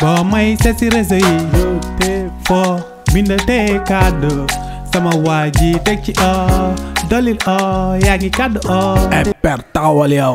boo may seet si réseau yi yow te foo bindal te kàddu sama waa ji teg ci o dolil o yaa ngi kàddu o eh, e per taxawal yow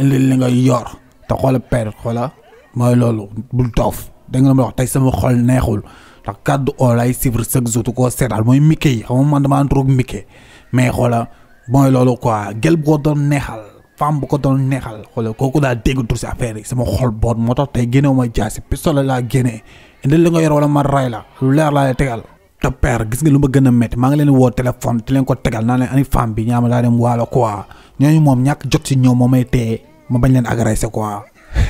indi li nga yor te xoola per xoola mooy loolu bul toof da nga ma wax tey sama xol neexul ndax kàddu o lay sivre chaque jour koo seetaan mooy Mickey yi xam nga man damaa antroog Mickey mais xoola mooy loolu quoi gel bu ko doon neexal femme bu ko doon neexal xoolal kooku daa dégg tur si affaire yi sama xol boot moo tax tey génnewu ma jaasi pistolet laa génnee indi li nga yor wala ma ray la lu leer laa tegal te gis nga lu ma gën a métti maa ngi leen woo téléphone di leen ko tegal naa leen ani femme bi ñaama laa dem waalo quoi ñooñu moom ñàkk jot si ñoom moo may téye ma bañ leen agressé quoi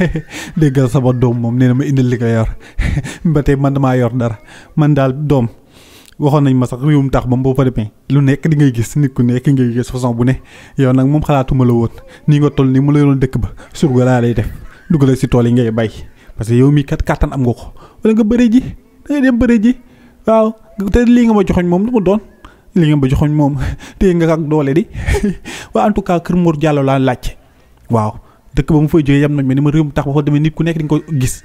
déggal sama doom moom nee na ma indil li nga yor ba tey man damaa yor dara man daal doom waxoon nañ ma sax réewum tax ba mu boo fa demee lu nekk di gis nit ku nekk ngay gis façon bu ne yow nag moom xalaatuma la woon nii nga toll nii mu la yoroon dëkk ba surga laa lay def dugal si tool yi ngay bay parce que yow mii kat kàttan am nga ko wala nga bëre ji da dem bëre ji waaw te lii nga ma joxoñ moom lu mu doon lii nga ma joxoñ moom téye nga ak doole di waaw en tout cas Kër Mor Diallo laa laajte waaw dëkk ba mu fay jógee yam nañ ma tax ba demee nit ku nekk di ko gis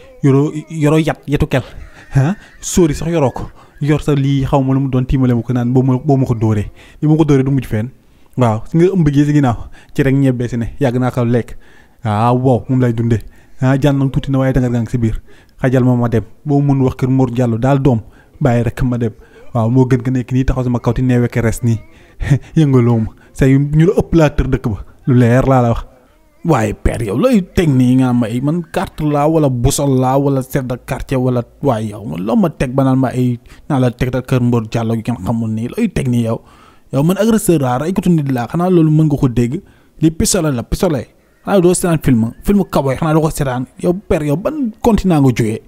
yoroo yoro yat yetu kel ah sóori sax yoroo ko yor sa lii xaw ma lu mu doon tiimale ma ko naan boo ma boo ma ko dóoree li ma ko dóoree du mujj fenn waaw su nga ëmb gi si ci rek ñebee si ne yàgg naa ko lekk waaw ah, wow moom lay dundee ah jàll nag tuuti na waaye dangar gang si biir xajal ma ma dem boo mun wax kër Mor Diallo daal doom bàyyi rekk ma dem waaw moo gën nga nekk nii taxaw sama kaw ti neeweke res nii yëngaloo ma say ñu la ëpp laa tër dëkk ba lu leer laa la wax waaye père yow looy teg nii nga ma ay man carte laa wala busol laa wala sedd de quartier wala waaye yow man loo ma teg ba naan ma ay naa la teg da kër mbor jàllo gi ngeen xamul nii looy teg nii yow yow man agresseur laa raykatu nit laa xanaa loolu mën nga ko dégg li pistolet la pistolet xanaa doo seetaan film film kaboy xanaa doo ko seetaan yow père yow ban continent nga jógee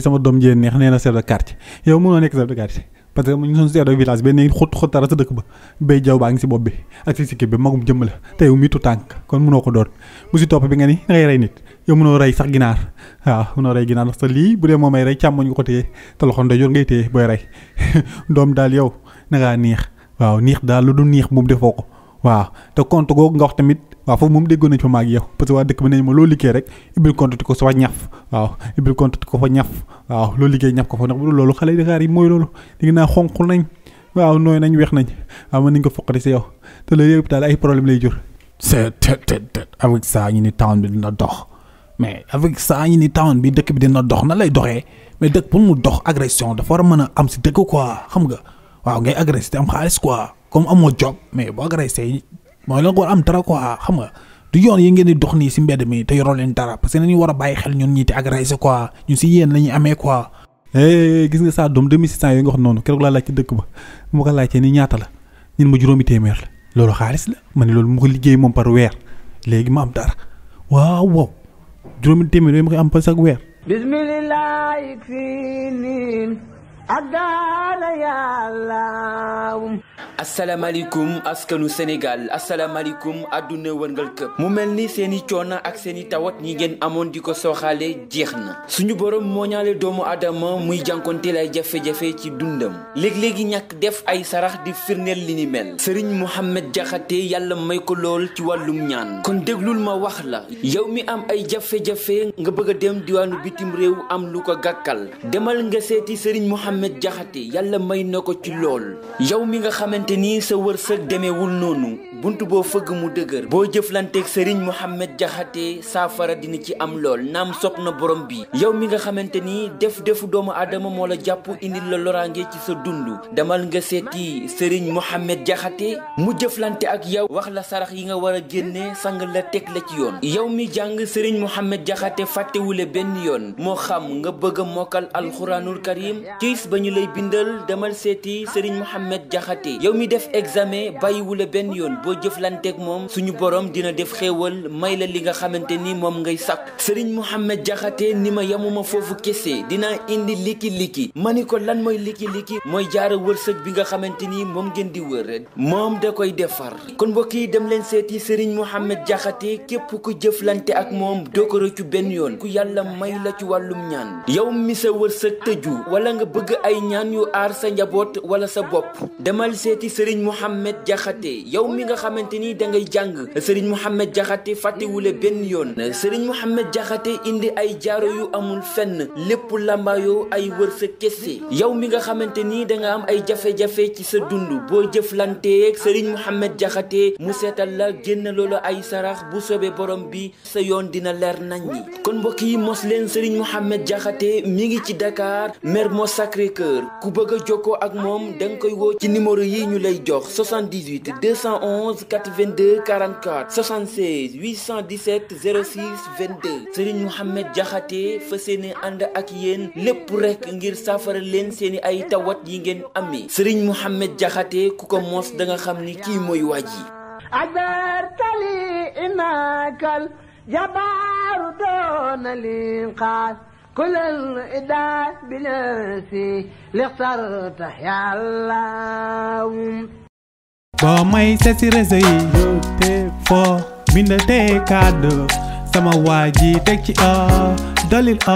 sama doom jee neex nee na chef de quartier yow mënoo nekk chef de parce que ñu son seedoo village benn xut xut dara sa dëkk ba béy jaw baa ngi si bopp bi ak si sikki bi magum jëmm la te yow miitu tànk kon mënoo ko doon bu si topp bi nga ni da ngay rey nit yow mënoo rey sax ginaar waaw mënoo rey ginaar ndax sa lii bu dee moo may rey càmmoñ nga ko téye te loxo ndeyjoor ngay téye booy rey doom daal yow na ngaa neex waaw neex daal lu du neex moom defoo ko waaw te compte googu nga wax tamit waaw foofu moom déggoon nañ fa que waa loo liggéey rek ubbil compte ti ko sa ñaf waaw ibil compte ko fa ñaf waaw loolu liggéey ñaf ko fa ndax bu dul loolu xale di yi mooy loolu léegi naa xonq nañ waaw nooy nañ weex nañ waaw mën nañ ko foqati si yow te loolu yëpp ay problème lay jur. c'est avec ça ñu ni town bi dina dox mais avec saa ñi ni town bi dëkk bi dina dox na lay doxee mais dëkk pour mu dox agression dafa war a mën a am si dëkk quoi xam nga waaw ngay agressé te am xaalis quoi comme amoo job mais boo agressé mooy la nga war am dara quoi xam nga. du yoon yi ngeen di dox nii si mbedd mi te yoroo leen dara parce que nañu war a bàyyi xel ñun ñi te agressé quoi ñun si yéen la ñuy amee quoi. Eh, gis nga saa doom 2600 yooyu nga wax noonu keroog laa laaj ci dëkk ba mu ko laajtee ni ñaata la ñun ma juróomi téeméer la loolu xaalis la ma ne loolu mu ko liggéey moom par weer léegi ma am dara waaw waaw juróomi téeméer yooyu ma koy am par chaque weer. bismillah. addaana yàlla asalaamaaleykum askanu Sénégal asalaamaaleykum àdduna wërngal këpp mu mel ni seen i coono ak seen i tawat ñi ngeen amoon di ko sooxaale jeex na suñu borom moo doomu aadama muy jànkonteel ay jafe-jafe ci dundam léeg-léegi ñàkk def ay sarax di firndeel li ni mel Serigne Mohamed Diakhaté yàlla may ko lool ci wàllum ñaan kon déglul ma wax la yow mi am ay jafe-jafe nga bëgg a dem diwaanu bitim réew am lu ko gàkkal demal nga seeti Serigne Mohamed Diakhaté yàlla may na ko ci lool yow mi nga xamante ni sa wërsëg demeewul noonu bunt boo fëgg mu dëgër boo jëflanteeg Serigne Mohamed Diakhaté saafara dina ci am lool naam sopp na borom bi yow mi nga xamante ni def defu doomu aadama moo la jàpp indi la loraange ci sa dund demal nga seeti Serigne Mohamed Diakhaté mu jëflante ak yow wax la sarax yi nga war a génne sang la teg la ci yoon yow mi jàng Serigne Mohamed Diakhaté fàttewule benn yoon moo xam nga ba ñu lay bindal demal seeti Serigne Mohamed jaxate yow mi def examen bàyyiwula benn yoon boo jëflanteek moom suñu borom dina def xewal may la li nga xamante ni moom ngay sàkku Serigne Mohamed Diakhaté ni ma yamuma foofu kese dina indi liki-liki ma ni ko lan mooy liki-liki mooy jaara wërsëg bi nga xamante ni moom ngeen di wër moom da koy defar kon mbokk yi dem leen seeti Serigne Mohamed Diakhaté képp ku jëflante ak moom doo ko rëccu benn yoon ku yàlla may la ci wàllum ñaan yow bëgg ay ñaan yu aar sa njaboot wala sa bopp demal seeti Serigne Mohamed Diakhaté yow mi nga xamante ni da ngay jàng Serigne Mohamed Diakhaté fàttewule benn yoon Serigne Mohamed Diakhaté indi ay jaaro yu amul fenn lépp lambaayoo ay wër sa kese yow mi nga xamante nii danga am ay jafe-jafe ci sa dund boo jëflanteeg Serigne Mohamed Diakhaté mu seetal la génn loolu ay sarax bu soobee borom bi sa yoon dina leer nañ ñi kon mbokk yi mos leen Serigne Mohamed Diakhaté mi ngi ci Dakar mer moo sacré Sacré-Cœur ku bëgg a jokkoo ak moom da nga koy woo ci numéro yi ñu lay jox 78 211 82 44 76 817 06 22 Serigne Mouhamed Diakhaté fa seeni ànd ak yéen lépp rek ngir saafara leen seeni ay tawat yi ngeen amee Serigne Mouhamed Diakhaté ku ko mos da nga xam ni kii mooy waaj yi عبرتلي إنك الجبار دون الإنقاذ كل الإداء بنفسي لاخترت يا الله boo may seet si réseau yi yow te foo bind te kàddu sama waa ji teg ci o dolil o